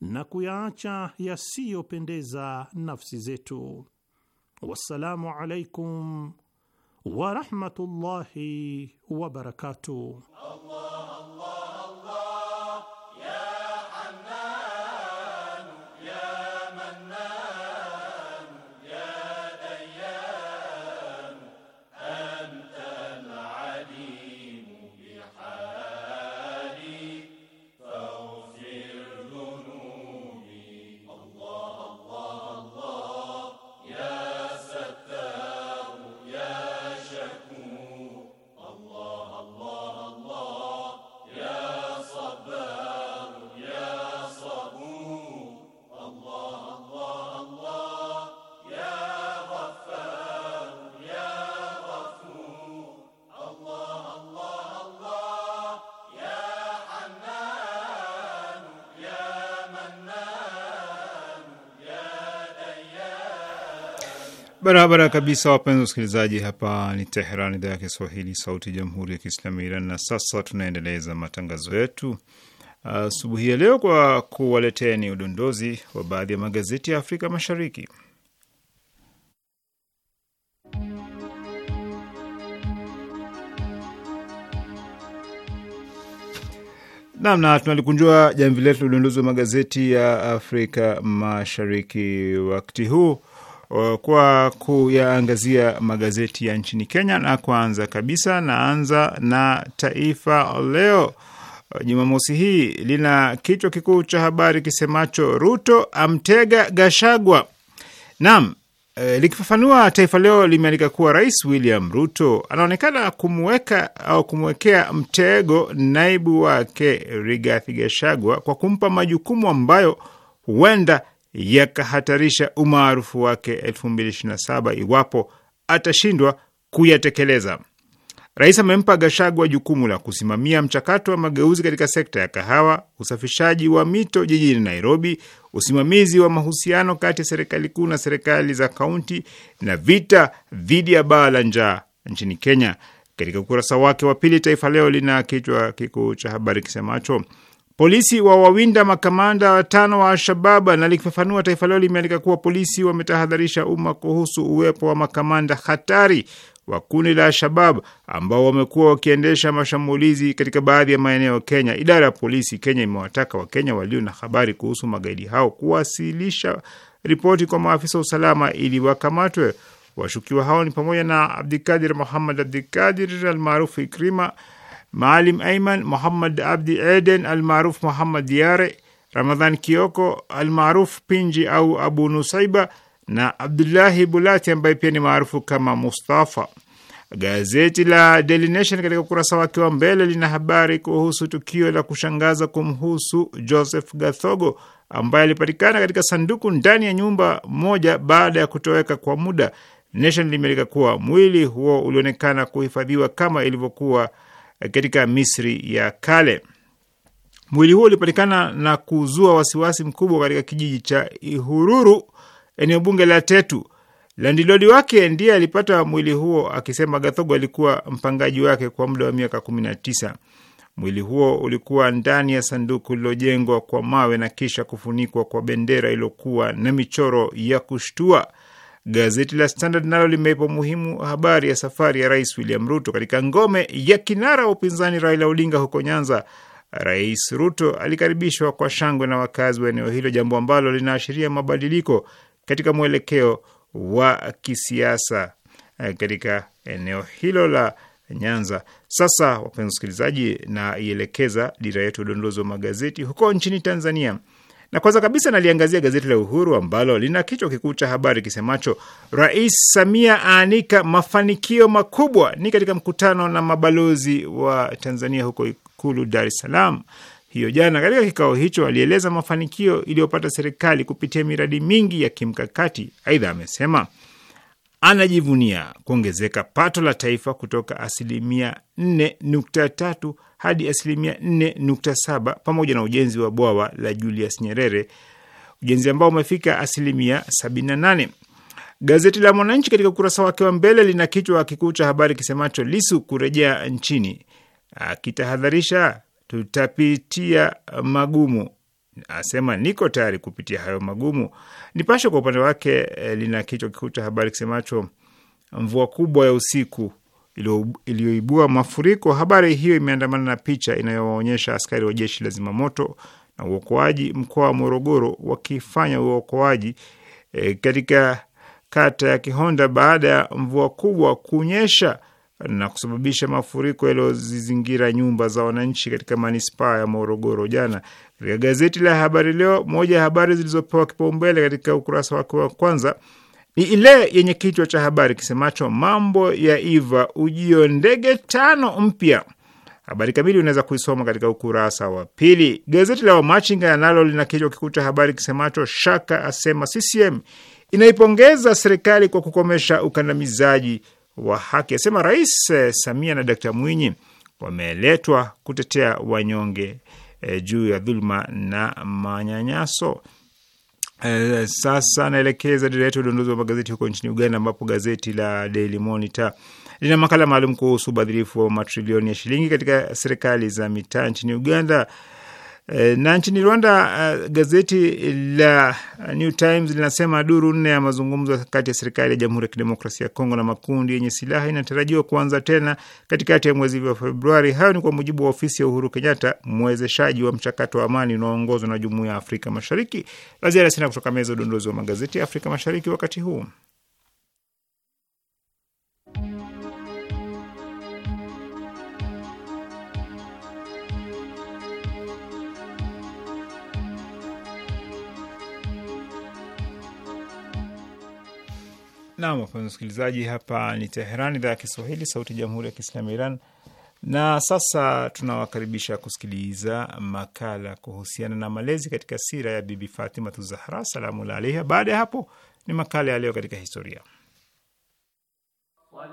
na kuyaacha yasiyopendeza nafsi zetu. Wassalamu alaikum warahmatullahi wabarakatuh. Barabara kabisa, wapenzi wasikilizaji, hapa ni Teheran, idhaa ya Kiswahili, sauti ya jamhuri ya kiislamu ya Iran. Na sasa tunaendeleza matangazo yetu asubuhi uh, ya leo kwa kuwaleteni udondozi wa baadhi ya magazeti ya Afrika Mashariki. Namna tunalikunjua jamvi letu udondozi wa magazeti ya Afrika Mashariki wakati huu Eh, kwa kuyaangazia magazeti ya nchini Kenya, na kwanza kabisa naanza na Taifa Leo eh, Jumamosi hii lina kichwa kikuu cha habari kisemacho Ruto amtega Gashagwa. Naam, e, likifafanua Taifa Leo limeandika kuwa Rais William Ruto anaonekana kumweka au kumwekea mtego naibu wake Rigathi Gashagwa kwa kumpa majukumu ambayo huenda yakahatarisha umaarufu wake 2027 iwapo atashindwa kuyatekeleza. Rais amempa Gashagwa jukumu la kusimamia mchakato wa mageuzi katika sekta ya kahawa, usafishaji wa mito jijini Nairobi, usimamizi wa mahusiano kati ya serikali kuu na serikali za kaunti na vita dhidi ya baa la njaa nchini Kenya. Katika ukurasa wake wa pili, Taifa Leo lina kichwa kikuu cha habari kisemacho Polisi wawawinda makamanda watano wa al-shabab Na likifafanua, Taifa Leo limeandika kuwa polisi wametahadharisha umma kuhusu uwepo wa makamanda hatari wa kundi la al-shabab ambao wamekuwa wakiendesha mashambulizi katika baadhi ya maeneo Kenya. Idara ya polisi Kenya imewataka Wakenya walio na habari kuhusu magaidi hao kuwasilisha ripoti kwa maafisa wa usalama ili wakamatwe. Washukiwa hao ni pamoja na Abdikadir Muhammad Abdikadir almaarufu Ikrima Maalim Aiman Muhammad Abdi Eden almaruf Muhammad Diare, Ramadhan Kioko almaruf Pinji au Abu Nusaiba na Abdullahi Bulati ambaye pia ni maarufu kama Mustafa. Gazeti la Daily Nation katika ukurasa wake wa mbele lina habari kuhusu tukio la kushangaza kumhusu Joseph Gathogo ambaye alipatikana katika sanduku ndani ya nyumba moja baada ya kutoweka kwa muda. Nation limeeleza kuwa mwili huo ulionekana kuhifadhiwa kama ilivyokuwa katika Misri ya kale. Mwili huo ulipatikana na kuzua wasiwasi mkubwa katika kijiji cha Ihururu, eneo bunge la Tetu. Landilodi wake ndiye alipata mwili huo akisema Gathogo alikuwa mpangaji wake kwa muda wa miaka kumi Mwili huo ulikuwa ndani ya sanduku lililojengwa kwa mawe na kisha kufunikwa kwa bendera iliyokuwa na michoro ya kushtua. Gazeti la Standard nalo limeipa umuhimu habari ya safari ya Rais William Ruto katika ngome ya kinara wa upinzani Raila Odinga huko Nyanza. Rais Ruto alikaribishwa kwa shangwe na wakazi wa eneo hilo, jambo ambalo linaashiria mabadiliko katika mwelekeo wa kisiasa eh, katika eneo hilo la Nyanza. Sasa wapenzi wasikilizaji, na ielekeza dira yetu udondozi wa magazeti huko nchini Tanzania. Na kwanza kabisa naliangazia gazeti la Uhuru ambalo lina kichwa kikuu cha habari kisemacho Rais Samia aanika mafanikio makubwa, ni katika mkutano na mabalozi wa Tanzania huko Ikulu Dar es Salaam hiyo jana. Katika kikao hicho alieleza mafanikio iliyopata serikali kupitia miradi mingi ya kimkakati. Aidha amesema anajivunia kuongezeka pato la taifa kutoka asilimia 4.3 hadi asilimia 4.7 pamoja na ujenzi wa bwawa la Julius Nyerere, ujenzi ambao umefika asilimia 78. Gazeti la Mwananchi katika ukurasa wake wa mbele lina kichwa kikuu cha habari kisemacho Lisu kurejea nchini, akitahadharisha tutapitia magumu asema niko tayari kupitia hayo magumu. Nipashe kwa upande wake eh, lina kichwa kikuu cha habari kisemacho mvua kubwa ya usiku iliyoibua mafuriko. Habari hiyo imeandamana na picha inayoonyesha askari wa jeshi la zimamoto na uokoaji mkoa wa Morogoro wakifanya uokoaji e, katika kata ya Kihonda baada ya mvua kubwa kunyesha na kusababisha mafuriko yaliyozizingira nyumba za wananchi katika manispaa ya Morogoro jana. Katika gazeti la Habari Leo, moja ya habari zilizopewa kipaumbele katika ukurasa wake wa kwanza ni ile yenye kichwa cha habari kisemacho mambo ya iva ujio ndege tano mpya. Habari kamili unaweza kuisoma katika ukurasa wa pili. Gazeti la Wamachinga nalo lina kichwa kikuu cha habari kisemacho Shaka asema CCM inaipongeza serikali kwa kukomesha ukandamizaji wa haki, asema Rais Samia na Dkt Mwinyi wameletwa kutetea wanyonge e, juu ya dhuluma na manyanyaso. E, sasa naelekeza dira yetu udondozi wa magazeti huko nchini Uganda, ambapo gazeti la Daily Monitor lina makala maalum kuhusu ubadhirifu wa matrilioni ya shilingi katika serikali za mitaa nchini Uganda. Eh, na nchini Rwanda, uh, gazeti la New Times linasema duru nne ya mazungumzo kati ya serikali ya Jamhuri ya Kidemokrasia ya Kongo na makundi yenye silaha inatarajiwa kuanza tena katikati ya mwezi wa Februari. Hayo ni kwa mujibu wa ofisi ya Uhuru Kenyatta, mwezeshaji wa mchakato wa amani unaoongozwa na Jumuiya ya Afrika Mashariki. La ziada sina kutoka meza udondozi wa magazeti ya Afrika Mashariki wakati huu. Naam, wapenzi wasikilizaji, hapa ni Teheran, idhaa ya Kiswahili, sauti ya jamhuri ya kiislamu ya Iran. Na sasa tunawakaribisha kusikiliza makala kuhusiana na malezi katika sira ya Bibi Fatimatu Tuzahra salamu alaiha. Baada ya hapo ni makala ya leo katika historia Wali.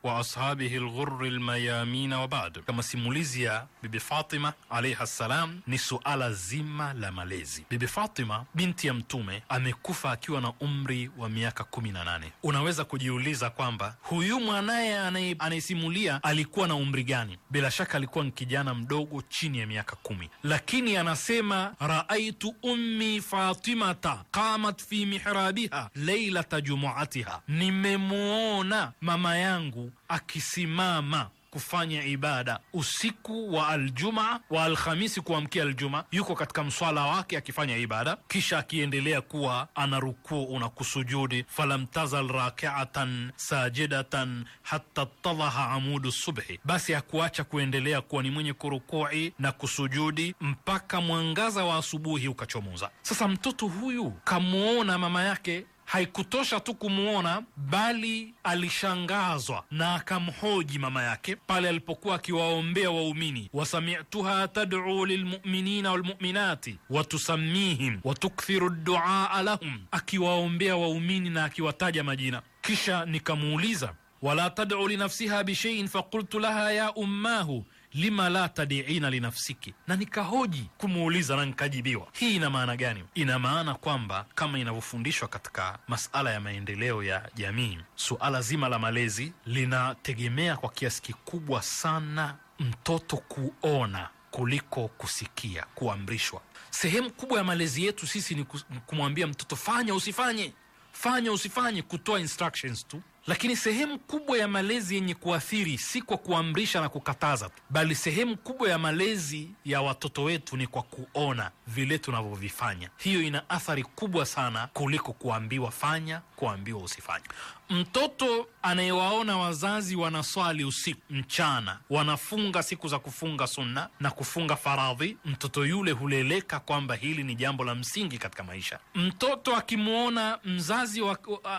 wa ashabihi lghurri lmayamina wa ba'd. Kama simulizi ya Bibi Fatima alayha salam ni suala zima la malezi. Bibi Fatima binti ya Mtume amekufa akiwa na umri wa miaka kumi na nane. Unaweza kujiuliza kwamba huyu mwanaye anayesimulia alikuwa na umri gani? Bila shaka alikuwa ni kijana mdogo chini ya miaka kumi, lakini anasema raaitu ummi fatimata qamat fi mihrabiha leilata jumuatiha, nimemwona mama yangu akisimama kufanya ibada usiku wa aljuma wa Alhamisi kuamkia aljumaa, yuko katika mswala wake akifanya ibada, kisha akiendelea kuwa ana rukuu na kusujudi, falamtazal rakiatan sajidatan hatta talaha amudu subhi, basi hakuacha kuendelea kuwa ni mwenye kurukui na kusujudi mpaka mwangaza wa asubuhi ukachomoza. Sasa mtoto huyu kamwona mama yake haikutosha tu kumwona, bali alishangazwa na akamhoji mama yake pale alipokuwa akiwaombea waumini, wasamituha tad'u lilmuminina walmuminati watusammihim watukthiru duaa lahum, akiwaombea waumini na akiwataja majina. Kisha nikamuuliza wala tad'u linafsiha bishaiin fakultu laha ya ummahu lima la tadiina linafsiki, na nikahoji kumuuliza na nikajibiwa. Hii ina maana gani? Ina maana kwamba kama inavyofundishwa katika masala ya maendeleo ya jamii, suala zima la malezi linategemea kwa kiasi kikubwa sana mtoto kuona kuliko kusikia, kuamrishwa. Sehemu kubwa ya malezi yetu sisi ni kumwambia mtoto fanya, usifanye, fanya, usifanye, kutoa instructions tu lakini sehemu kubwa ya malezi yenye kuathiri si kwa kuamrisha na kukataza tu, bali sehemu kubwa ya malezi ya watoto wetu ni kwa kuona vile tunavyovifanya. Hiyo ina athari kubwa sana kuliko kuambiwa fanya, kuambiwa usifanye mtoto anayewaona wazazi wanaswali usiku mchana, wanafunga siku za kufunga sunna na kufunga faradhi, mtoto yule huleleka kwamba hili ni jambo la msingi katika maisha. Mtoto akimwona mzazi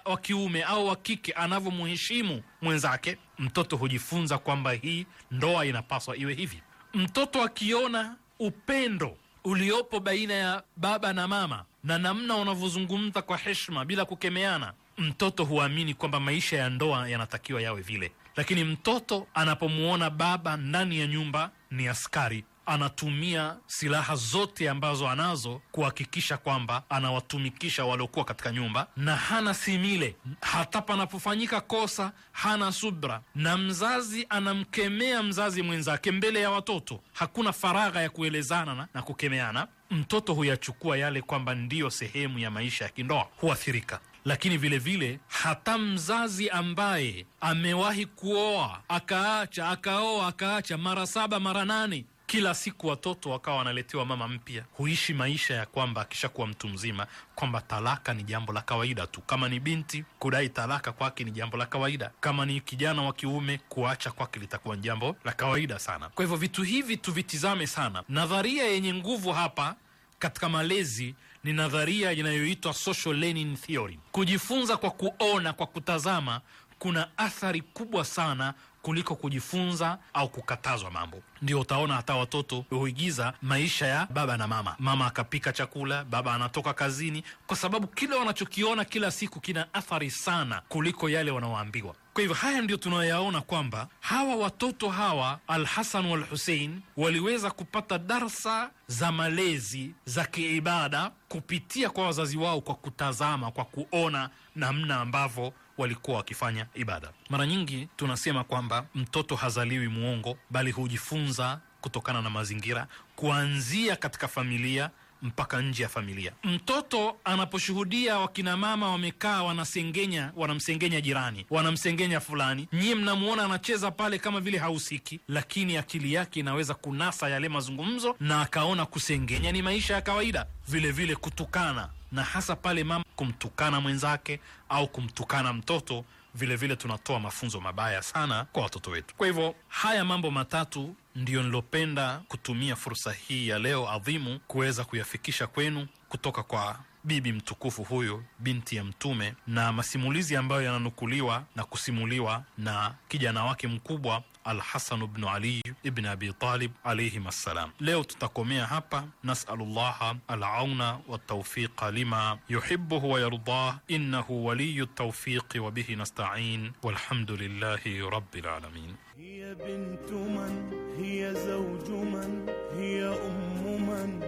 wa kiume au wa kike anavyomheshimu mwenzake, mtoto hujifunza kwamba hii ndoa inapaswa iwe hivi. Mtoto akiona upendo uliopo baina ya baba na mama na namna wanavyozungumza kwa heshima bila kukemeana mtoto huamini kwamba maisha ya ndoa yanatakiwa yawe vile, lakini mtoto anapomwona baba ndani ya nyumba ni askari anatumia silaha zote ambazo anazo kuhakikisha kwamba anawatumikisha waliokuwa katika nyumba, na hana simile, hata panapofanyika kosa hana subra, na mzazi anamkemea mzazi mwenzake mbele ya watoto. Hakuna faragha ya kuelezana na, na kukemeana. Mtoto huyachukua yale kwamba ndiyo sehemu ya maisha ya kindoa, huathirika lakini vilevile vile, hata mzazi ambaye amewahi kuoa akaacha, akaoa akaacha mara saba mara nane kila siku watoto wakawa wanaletewa mama mpya, huishi maisha ya kwamba akishakuwa mtu mzima kwamba talaka ni jambo la kawaida tu. Kama ni binti, kudai talaka kwake ni jambo la kawaida. Kama ni kijana wa kiume, kuacha kwake litakuwa ni jambo la kawaida sana. Kwa hivyo vitu hivi tuvitizame sana. Nadharia yenye nguvu hapa katika malezi ni nadharia inayoitwa social learning theory. Kujifunza kwa kuona, kwa kutazama, kuna athari kubwa sana kuliko kujifunza au kukatazwa mambo. Ndio utaona hata watoto huigiza maisha ya baba na mama, mama akapika chakula, baba anatoka kazini, kwa sababu kile wanachokiona kila siku kina athari sana kuliko yale wanaoambiwa. Kwa hivyo haya ndiyo tunayoyaona kwamba hawa watoto hawa Alhasan wal Husein waliweza kupata darsa za malezi za kiibada kupitia kwa wazazi wao, kwa kutazama, kwa kuona namna ambavyo walikuwa wakifanya ibada. Mara nyingi tunasema kwamba mtoto hazaliwi mwongo bali hujifunza kutokana na mazingira, kuanzia katika familia mpaka nje ya familia. Mtoto anaposhuhudia wakina mama wamekaa wanasengenya, wanamsengenya jirani, wanamsengenya fulani, nyie mnamwona anacheza pale kama vile hausiki lakini akili yake inaweza kunasa yale mazungumzo na akaona kusengenya ni maisha ya kawaida, vilevile vile kutukana na hasa pale mama kumtukana mwenzake au kumtukana mtoto, vilevile vile tunatoa mafunzo mabaya sana kwa watoto wetu. Kwa hivyo haya mambo matatu ndiyo nilopenda kutumia fursa hii ya leo adhimu kuweza kuyafikisha kwenu kutoka kwa bibi mtukufu huyu binti ya Mtume na masimulizi ambayo yananukuliwa na kusimuliwa na kijana wake mkubwa الحسن بن علي بن أبي طالب عليهما السلام ليو تتكومي هابا نسأل الله العون والتوفيق لما يحبه ويرضاه إنه ولي التوفيق وبه نستعين والحمد لله رب العالمين هي بنت من هي زوج من هي أم من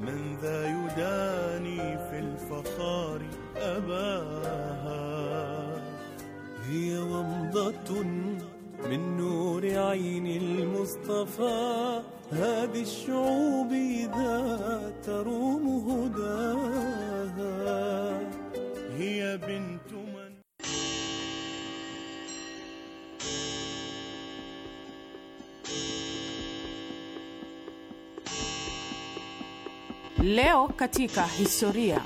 من ذا يداني في الفخار أباها هي ومضة من نور عين المصطفى هذه الشعوب إذا تروم هداها هي بنت من Leo katika historia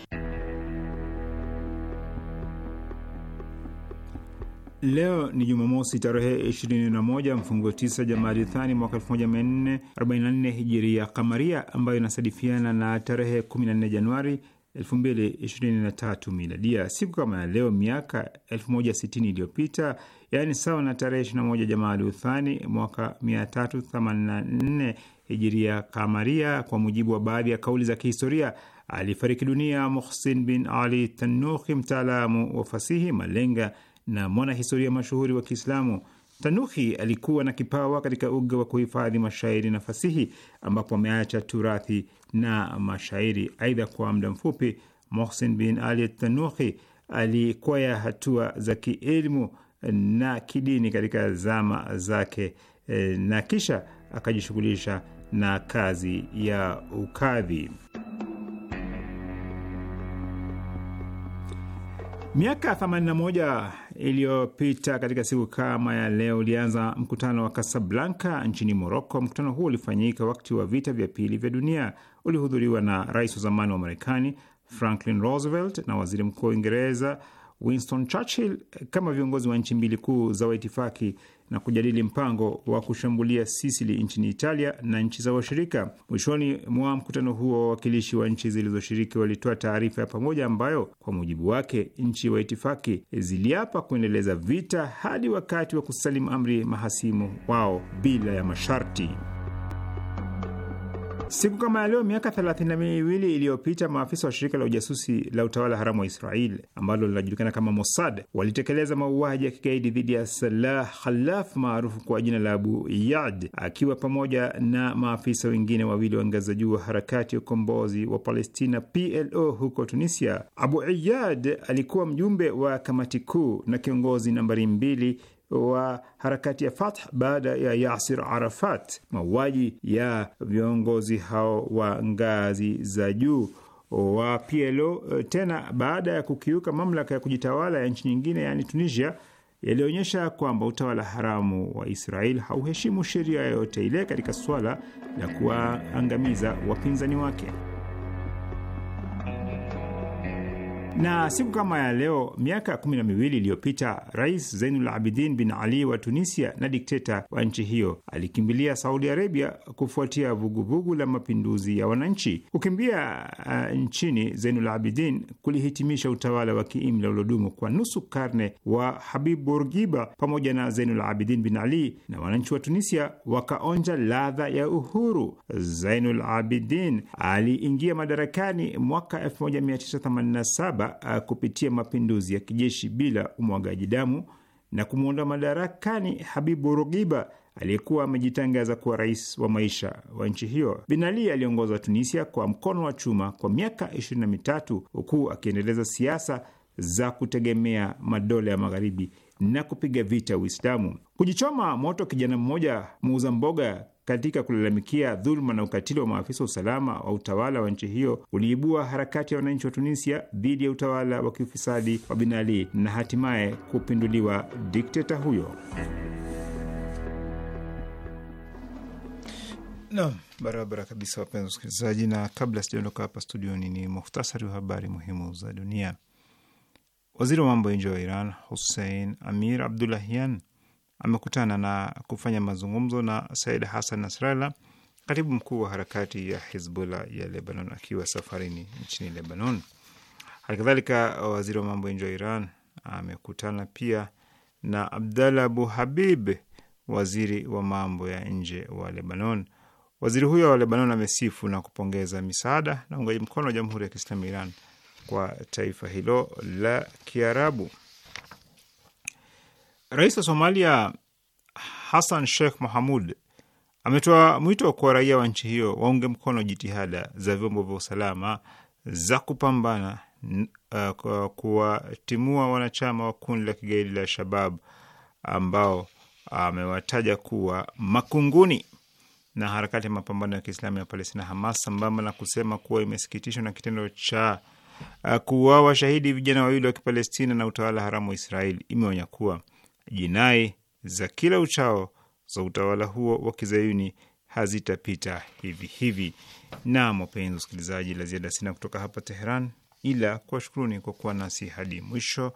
Leo ni Jumamosi tarehe 21 mfungo 9 Jamadi Thani mwaka 1444 hijiria kamaria, ambayo inasadifiana na tarehe 14 Januari 2023 miladia. Siku kama ya leo miaka 1060 iliyopita, yaani sawa na tarehe 21 Jamadi Uthani mwaka 384 hijiria kamaria, kwa mujibu wa baadhi ya kauli za kihistoria alifariki dunia Muhsin bin Ali Tanuhi, mtaalamu wa fasihi malenga na mwanahistoria mashuhuri wa Kiislamu. Tanuhi alikuwa na kipawa katika uga wa kuhifadhi mashairi na fasihi, ambapo ameacha turathi na mashairi. Aidha, kwa muda mfupi Mohsin bin Ali Tanuhi alikwea hatua za kielimu na kidini katika zama zake e, na kisha akajishughulisha na kazi ya ukadhi. Miaka 81 iliyopita katika siku kama ya leo ulianza mkutano wa Kasablanka nchini Moroko. Mkutano huo ulifanyika wakati wa vita vya pili vya dunia, ulihudhuriwa na rais wa zamani wa Marekani Franklin Roosevelt na waziri mkuu wa Uingereza Winston Churchill kama viongozi wa nchi mbili kuu za waitifaki na kujadili mpango wa kushambulia Sisili nchini Italia na nchi za washirika. Mwishoni mwa mkutano huo, wawakilishi wa nchi zilizoshiriki walitoa taarifa ya pamoja ambayo kwa mujibu wake nchi wa itifaki ziliapa kuendeleza vita hadi wakati wa kusalimu amri mahasimu wao bila ya masharti. Siku kama ya leo miaka thelathini na miwili iliyopita maafisa wa shirika la ujasusi la utawala haramu wa Israel ambalo linajulikana kama Mossad walitekeleza mauaji ya kigaidi dhidi ya Salah Khalaf maarufu kwa jina la Abu Iyad akiwa pamoja na maafisa wengine wawili wa ngazi za juu wa harakati ya ukombozi wa Palestina PLO huko Tunisia. Abu Iyad alikuwa mjumbe wa kamati kuu na kiongozi nambari mbili wa harakati ya Fath baada ya Yasir Arafat. Mauaji ya viongozi hao wa ngazi za juu wa PLO tena baada ya kukiuka mamlaka ya kujitawala ya nchi nyingine, yaani Tunisia, yalionyesha kwamba utawala haramu wa Israel hauheshimu sheria yoyote ile katika suala la kuwaangamiza wapinzani wake. Na siku kama ya leo miaka kumi na miwili iliyopita Rais Zainul Abidin bin Ali wa Tunisia na dikteta wa nchi hiyo alikimbilia Saudi Arabia kufuatia vuguvugu vugu la mapinduzi ya wananchi. Kukimbia uh, nchini Zainul Abidin kulihitimisha utawala wa kiimla uliodumu kwa nusu karne wa Habib Bourguiba pamoja na Zainul Abidin bin Ali, na wananchi wa Tunisia wakaonja ladha ya uhuru. Zainul Abidin aliingia madarakani mwaka 1987 uh, kupitia mapinduzi ya kijeshi bila umwagaji damu na kumwondoa madarakani Habibu Rugiba aliyekuwa amejitangaza kuwa rais wa maisha wa nchi hiyo. Bin Ali aliongoza Tunisia kwa mkono wa chuma kwa miaka ishirini na mitatu huku akiendeleza siasa za kutegemea madola ya magharibi na kupiga vita Uislamu. Kujichoma moto kijana mmoja muuza mboga katika kulalamikia dhuluma na ukatili wa maafisa wa usalama wa utawala wa nchi hiyo uliibua harakati ya wananchi wa Tunisia dhidi ya utawala wa kiufisadi wa Bin Ali na hatimaye kupinduliwa dikteta huyo. Nam, barabara kabisa, wapenzi wasikilizaji, na kabla sijaondoka hapa studioni, ni muhtasari wa habari muhimu za dunia. Waziri wa mambo ya nje wa Iran Hussein Amir Abdullahian amekutana na kufanya mazungumzo na Said Hassan Nasrallah, katibu mkuu wa harakati ya Hizbullah ya Lebanon, akiwa safarini nchini Lebanon. Halikadhalika, waziri wa mambo ya nje wa Iran amekutana pia na Abdallah Abu Habib, waziri wa mambo ya nje wa Lebanon. Waziri huyo wa Lebanon amesifu na kupongeza misaada na uungaji mkono wa Jamhuri ya Kiislamu ya Iran kwa taifa hilo la Kiarabu. Rais wa Somalia Hassan Sheikh Mohamud ametoa mwito kwa raia wa nchi hiyo waunge mkono jitihada za vyombo vya usalama za kupambana uh, kuwatimua wanachama wa kundi la kigaidi la Shabab ambao amewataja uh, kuwa makunguni na harakati ya mapambano ya Kiislamu ya Palestina Hamas, sambamba na kusema kuwa imesikitishwa na kitendo cha uh, kuuawa shahidi vijana wawili wa Kipalestina na utawala haramu wa Israeli, imeonya kuwa jinai za kila uchao za utawala huo wa kizayuni hazitapita hivi hivi. Na wapenzi wasikilizaji, la ziada sina kutoka hapa Teheran ila kuwashukuruni kwa kuwa nasi hadi mwisho.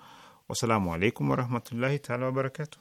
Wassalamu alaikum warahmatullahi taala wabarakatu.